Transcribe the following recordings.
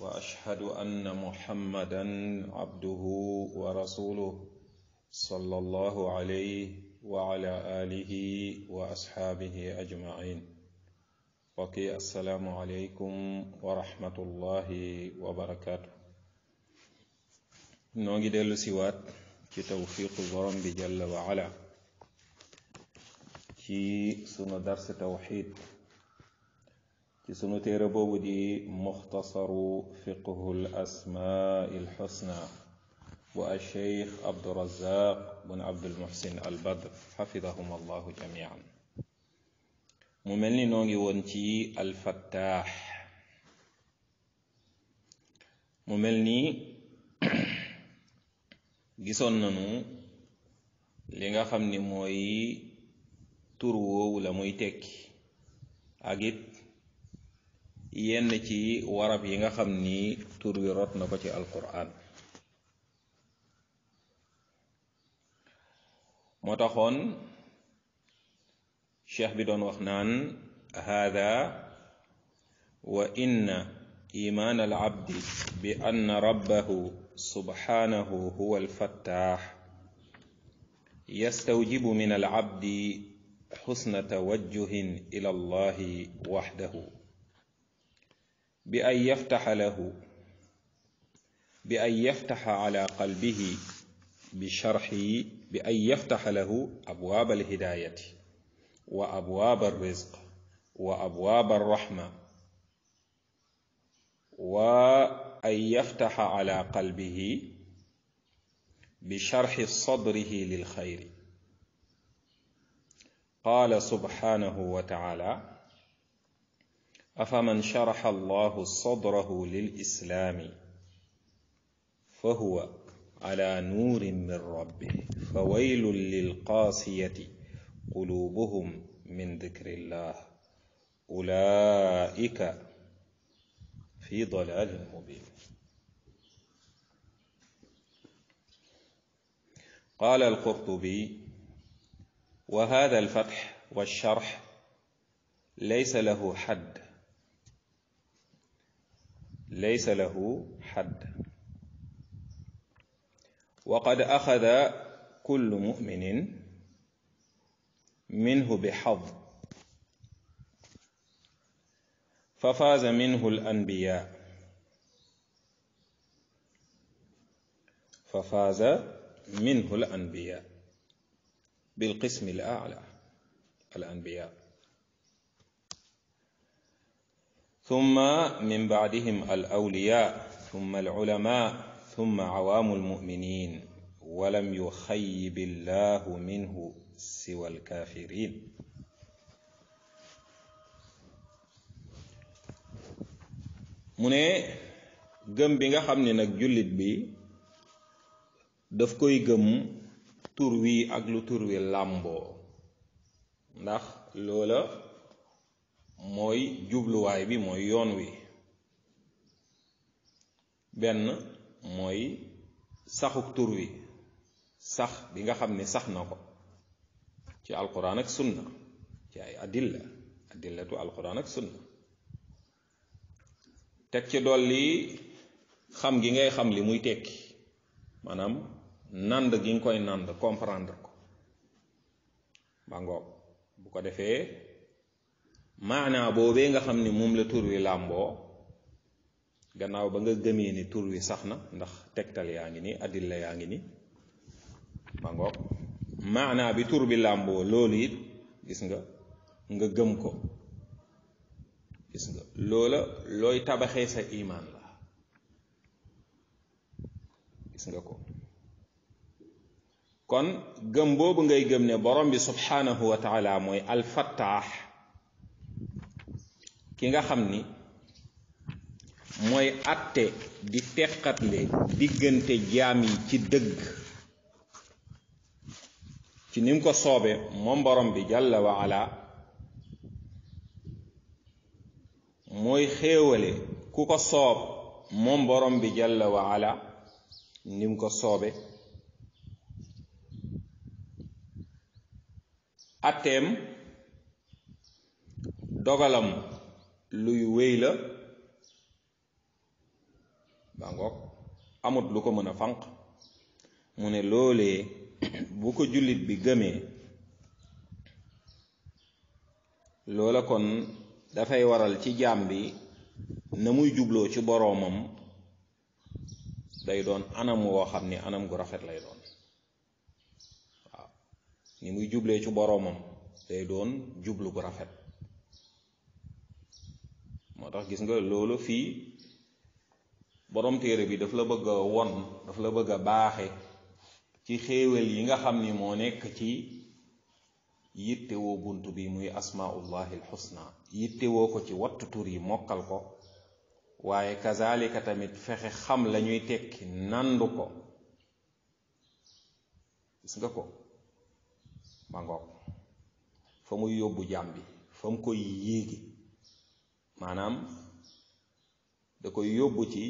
واشهد ان محمدا عبده ورسوله صلى الله عليه وعلى اله واصحابه اجمعين وكي السلام عليكم ورحمه الله وبركاته نوغي ديلو سيوات كي توفيق borom bi وعلا كي سنو درس توحيد ci sunu téere boobu di muxtasaru fiqhu l asmaai l xusna bu alcheikh abdurazaq bun abdulmuhsin al badr xafidahum allahu jamian mu mel ni noo ngi woon ci alfattaax mu mel ni gisoon nanu li nga xam ni mooy tur woowu la muy tekki ak it yenn ci warab yi nga xam ni tur wi rot na ko ci alquran moo taxoon cheikh bi doon wax naan hada wa inna iman alabdi bi anna rabbahu subhanahu huwa alfattax يستوجب من العبد حسن توجه الى الله وحده بأن يفتح له بأن يفتح على قلبه بشرح بأن يفتح له أبواب الهداية وأبواب الرزق وأبواب الرحمة وأن يفتح على قلبه بشرح صدره للخير قال سبحانه وتعالى أفمن شرح الله صدره للإسلام فهو على نور من ربه فويل للقاسية قلوبهم من ذكر الله أولئك في ضلال مبين قال القرطبي وهذا الفتح والشرح ليس له حد ليس له حد وقد أخذ كل مؤمن منه بحظ ففاز منه الأنبياء ففاز منه الأنبياء بالقسم الأعلى الأنبياء ثم من بعدهم الأولياء ثم العلماء ثم عوام المؤمنين ولم يخيب الله منه سوى الكافرين mu ne gëm bi nga xam ne nag jullit bi daf koy gëm tur wi ak lu tur wi làmboo ndax loola mooy jubluwaay bi mooy yoon wi benn mooy saxuk tur wi sax bi nga xam ni sax na ko ci alquran ak sunna ci ay adilla adillatu alquran ak teg ci dolli xam gi ngay xam li muy tekki maanaam nand gi nga koy nànd comprendre ko ba bu ko defee معنى بوبينغا خمني مملة تروي لامبو غناو بانغا غميني تروي سخنا ندخ تكتل يانجيني أدلة يانجيني مانغو معنى بي تروي لامبو لوليد جسنغا نغا غمكو جسنغا لولا لوي تابخيسة إيمان لا جسنغا كو كون غمبو بانغا يغمني برمبي سبحانه وتعالى موي الفتاح ki nga xam ni mooy àtte di teqatle diggante jaam yi ci dëgg ci nim ko soobe moom borom bi jàlla mooy xéewale ku ko soob moom borom bi jàlla wa ala ko soobe atteem dogalam luy wéy la baa ngoog amut lu ko mën a fànq mu ne loole bu ko jullit bi gëmee loola kon dafay waral ci jaam bi na muy jubloo ci boroomam day doon anam woo xam ni anam gu rafet lay doon waaw ni muy jublee ci boroomam day doon jublu gu rafet moo tax gis nga loolu fii borom téere bi daf la bëgg a won daf la bëgg a baaxe ci xéewal yi nga xam ni moo nekk ci yittewoo bunt bi muy asmaullahi alxusna yittewoo ko ci wattu tur yi mokkal ko waaye kazalika tamit fexe xam la ñuy tekki nandu ko gis nga ko ma ngoog fa muy yóbbu jàmbi fa mu koy yéegi maanaam da koy yóbbu ci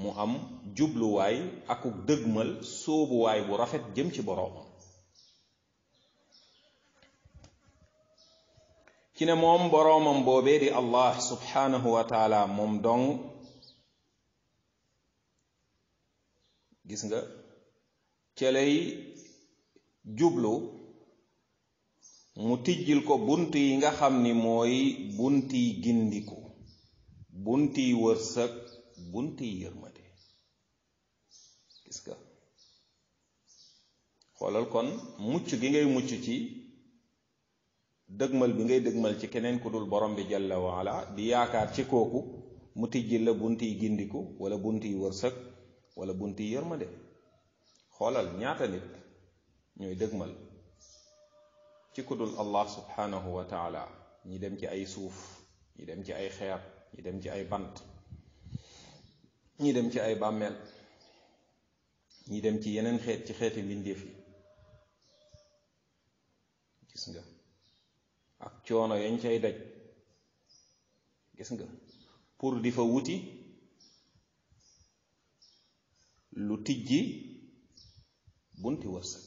mu am jubluwaay akuk dëgmal suubuwaay bu rafet jëm ci boroomam ci ne moom boroomam boobee di allah subhaanahu moom dong gis nga ca jublu mu tijjil ko bunt yi nga xam ni mooy bunti gindiku bunt bunti wërsëg bunti yërmande gis nga xoolal kon mucc gi ngay mucc ci dëgmal bi ngay dëgmal ci keneen ku dul borom bi jalla waala di yaakaar ci kooku mu tijjil la yi gindiku wala bunti wërsëg wala bunti yërmande xoolal ñaata nit ñooy dëgmal ci ku dul allah subhanahu wa taala ñi dem ci ay suuf ñi dem ci ay xeer ñi dem ci ay bant ñi dem ci ay bàmmeel ñi dem ci yeneen xeet ci xeeti mbindeef yi gis nga ak coono yañ cay daj gis nga pour di fa wuti lu tijji bunti wërsëg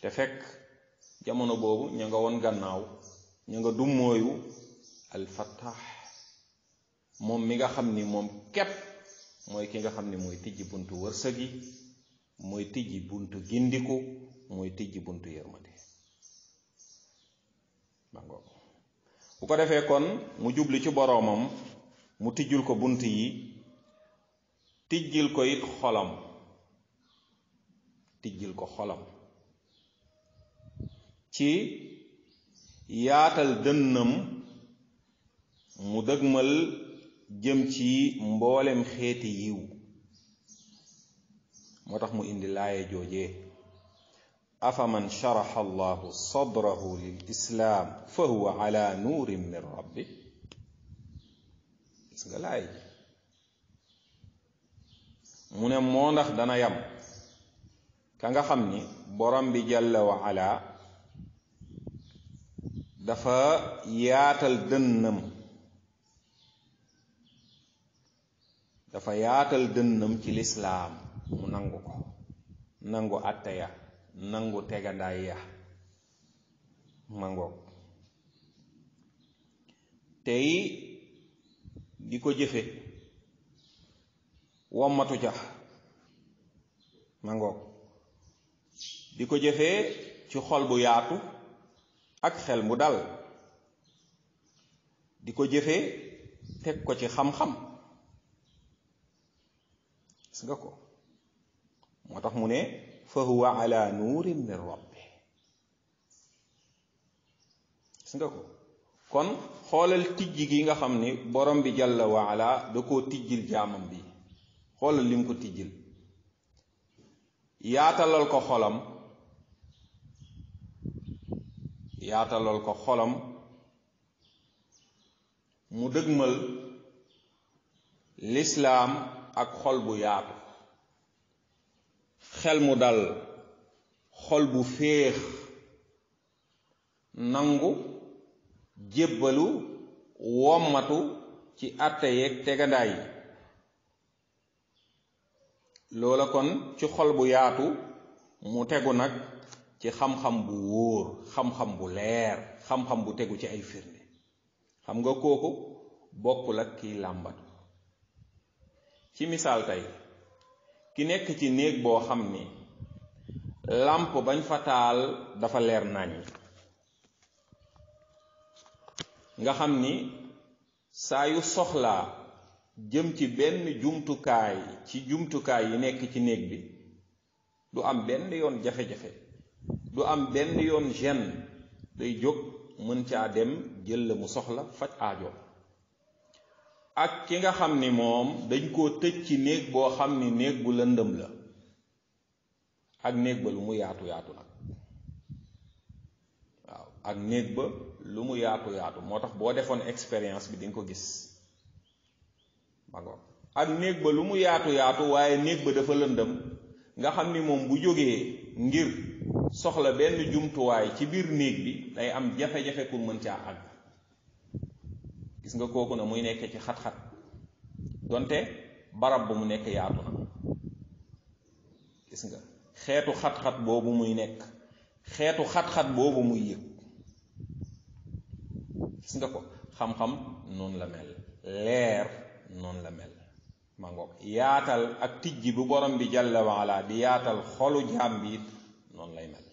te fekk jamono boobu ña nga won gannaaw ña nga dummóoyu al moom mi nga xam ni moom képp mooy ki nga xam ni mooy tijji buntu wërsëg mooy tijji buntu gindiku mooy tijji buntu yërmande bangoo bu ko defee kon mu jubli ci boroomam mu tijjul ko bunt yi tijjil ko it xolam tijjil ko xolam ci yaatal dënnam mu dëgmal jëm ci mboolem xeeti yiw moo tax mu indi laaye joojee afaman sharaxa allahu sadrahu lil islaam fa huwa ala nuurin min rabbi gis nga laaye ji mu ne moo ndax dana yam ka nga xam ni borom bi jalla wa ala dafa yaatal dënnam dafa yaatal dënnam ci lislaam mu nangu ko nangu àtte ya nangu tegandaay ya mangoog tey di ko jëfe wommatu ca mangoog di ko jëfee ci xol bu yaatu ak xel mu dal di ko jëfe teg ko ci xam-xam gis nga ko moo tax mu ne fa huwa ala nuurin min rabbi nga ko kon xoolal tijj gi nga xam ni borom bi jàlla waala da ko tijjil jaamam bi xoolal lim ko tijjil yaatalal ko xolam yaatalal ko xolam mu dëgmal lislaam ak xol bu yaatu xel mu dal xol bu féex nangu jébbalu wommatu ci àtte yeeg yi loola kon ci xol bu yaatu mu tegu nag ci xam-xam bu wóor xam-xam bu leer xam-xam bu tegu ci ay firnde xam nga kooku bokkul ak kiy làmbatu ci misaal tey ki nekk ci néeg boo xam ni làmp bañ fa taal dafa leer nañ nga xam ni saa yu soxlaa jëm ci benn jumtukaay ci jumtukaay yi nekk ci néeg bi du am benn yoon jafe-jafe du am benn yoon gêne day jóg mën caa dem jël la mu soxla faj aajo ak ki nga xam ni moom dañ koo tëj ci néeg boo xam ni néeg bu lëndëm la ak néeg ba lu mu yaatu yaatu ak néeg lu mu yaatu yaatu moo tax boo defoon expérience bi di ko gis ma ak néeg ba lu mu yaatu yaatu waaye néeg ba dafa lëndëm nga xam ni moom bu jógee ngir soxla benn jumtuwaay ci biir néeg bi day am jafe-jafe pour mën caa àgg gis nga koku na muy nekk ci xat-xat donte barab bu mu nekk yaatu na gis nga xeetu xat-xat boobu muy nekk xeetu xat-xat boobu muy yëg gis nga ko xam-xam noonu la mel leer noonu la mel ma ngoog yaatal ak tijji bu borom bi jàlla waala di yaatal xolu jàmbi bi noonu lay mel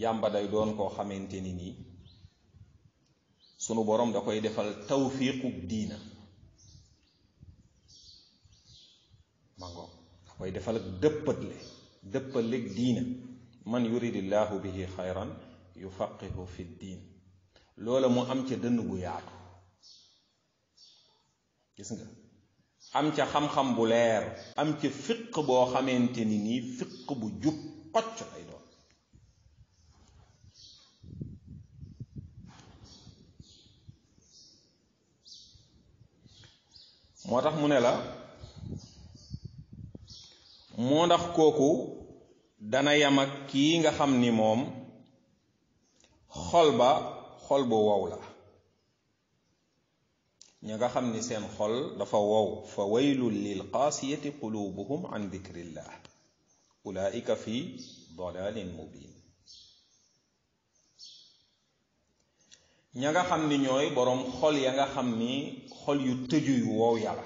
jàmba day doon koo xamante ni nii sunu borom da koy defal tawfiqub diina mango da koy defal ak dëppatle dëppaleeg diina man yuridillahu bihi xayran yufaqihu fi diin lola mo am ci dënn gu yaatu gis nga am ci xam-xam bu leer am ci fiq bo xamanteni ni fiq bu jup xoc lay doon moo tax mu ne la moo ndax kooku dana yam ak kii nga xam ni moom xol ba xol bu wow la ñi nga xam ni seen xol dafa wow fa waylul lil qaasiyati qulubuhum an dikrillah ulaika fi dalalin mubin ña nga xam ni ñooy boroom xol ya nga xam ni xol yu tëju yu woow yàlla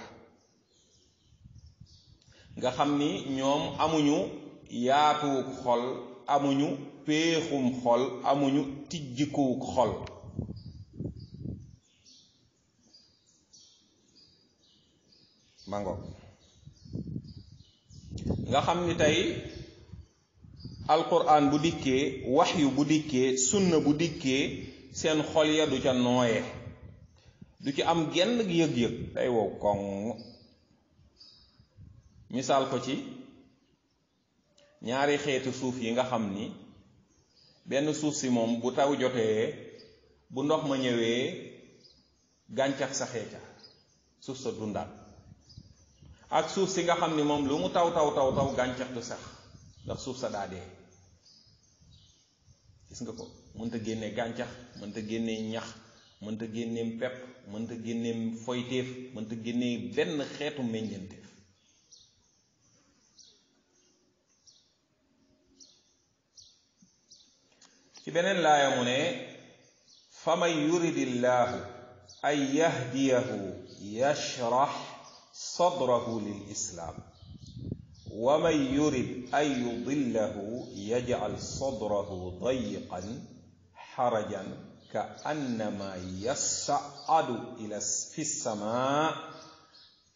nga xam ni ñoom amuñu yaatuwuk xol amuñu péexum xol amuñu tijjikuwuk xol mango nga xam ni tey alquran bu dikkee waxyu bu dikkee sunna bu dikkee seen xol ya du ca nooye du ci am genn yëg-yëg day wow koŋ misaal ko ci ñaari xeeti suuf yi nga xam ni benn suuf si moom bu taw jotee bu ndox ma ñëwee gàncax saxee ca suuf sa dundaat ak suuf si nga xam ni moom lu mu taw taw taw taw gàncax du sax ndax suuf sa daa gis nga ko mënta génne gàncax mënta génne ñax mënta génne pepp mënta génne foyteef mënta génne benn xeetu meññeenteef ci beneen laaya mu ne faman yuridillahu an yahdiyahu yashrah sadrahu lil ومن يرد أن يضله يجعل صدره ضيقا حرجا كأنما يصعد إلى في السماء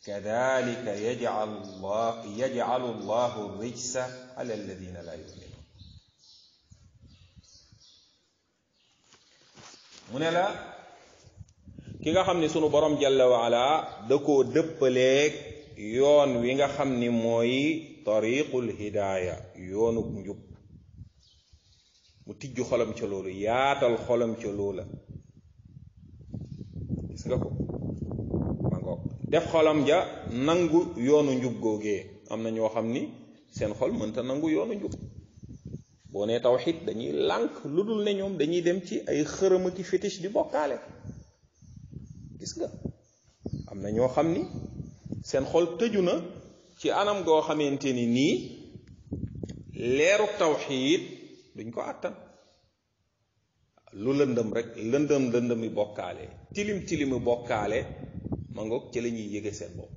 كذلك يجعل الله يجعل الله الرجس على الذين لا يؤمنون من لا كيغا خامني سونو بروم جل وعلا دكو دبليك يون ويغا خامني موي طريق الهدايه يونو نيوب mu tijju xolam ca loolu yaatal xolam ca loola gis nga ko ma ngoog def xolam ja nangu yoonu njub googee am na ñoo xam ni seen xol mënta nangu yoonu njub boo nee tawxid dañuy lànk lu dul ne ñoom dañuy dem ci ay xërëm ak fétiche di bokkaale gis nga am na ñoo xam ni seen xol tëju na ci anam goo xamante ni nii leeruk tawxid duñ ko àttan lu lëndëm rek lëndëm lëndëmi bokkaale tilim tilimi bokkaale ma ngoog ci la ñuy yëge seen bopp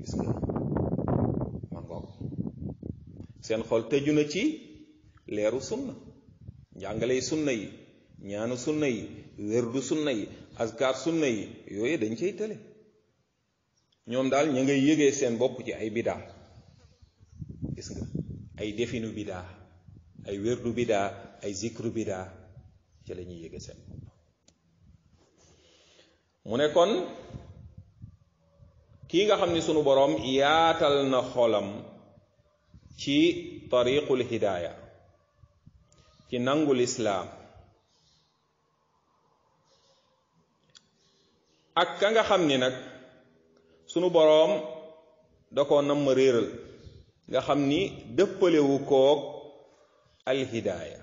gis nga ma seen xol tëju na ci leeru sunna njàngale yi sunna yi ñaanu sunna yi wérdu sunna yi askar sunna yi yooyu dañ cay tële ñoom daal ñu ngay yëgee seen bopp ci ay bidaa ay definu bidaa ay wérdu bidaa ay zikru bidaa ci lañuy ñuy seen mu ne kon kii nga xam ni sunu boroom yaatal na xolam ci tariqul hidaaya ci ak ka nga xam ni nag sunu boroom da ko namm réeral nga xam ni dëppalewu koog alhidaaya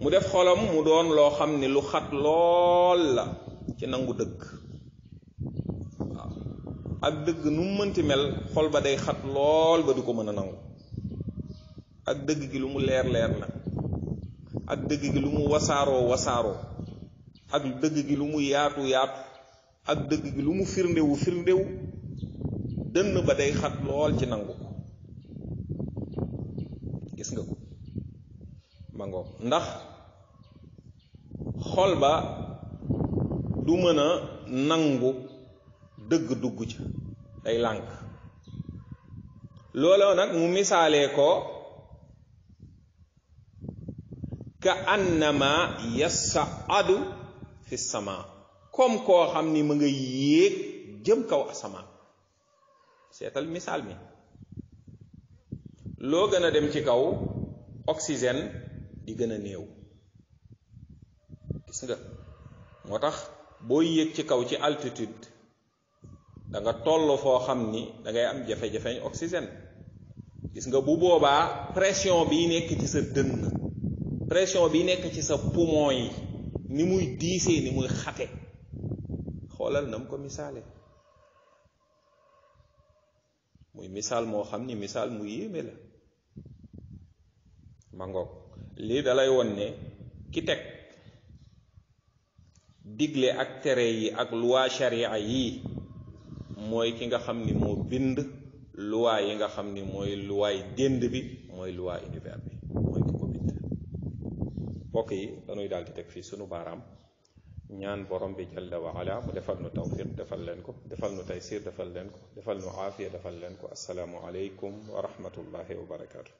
mu def xolam mu doon loo xam ni lu xat lool la ci nangu dëgg ak dëgg nu mu mënti mel xol ba day xat lool ba du ko mën a nangu ak dëgg gi lu mu leer leer nag ak dëgg gi lu mu wasaaroo wasaaroo ak dëgg gi lu mu yaatu yaatu ak dëgg gi lu mu firndewu firndewu dënn ba day xat lool ci nangu ko gis nga ko ma ndax xol ba du mën a nangu dëgg dugg ca day lànk looloo nag mu misaalee ko ka annama yasaadu fi sama comme koo xam ni mu nga yéeg jëm kaw asamaan seetal misaal mi loo gën a dem ci kaw oxygène di gën a néew gis nga moo tax boo yéeg ci kaw ci altitude danga nga toll foo xam ni dangay am jafe-jafe oxygène gis nga bu boobaa pression bi nekk ci sa dënn pression bi nekk ci sa poumon yi ni muy diisee ni muy xate xoolal na mu ko misaale muy misaal moo xam ni misaal mu yéeme la ma ngoog lii dalay won ne ki teg digle ak tere yi ak luwaa sharia yi mooy ki nga xam ni moo bind luwaa yi nga xam ni mooy luwaay dénd bi mooy luwaa univers bi mooy ki ko bind mbokk yi dañuy daldi teg fii sunu baaraam ñaan borom bi jalla wa ala mu defal nu tawfiq defal leen ko defal nu taysir defal leen ko defal nu aafiya defal leen ko asalaamu aleykum wa rahmatullahi wa barakaatu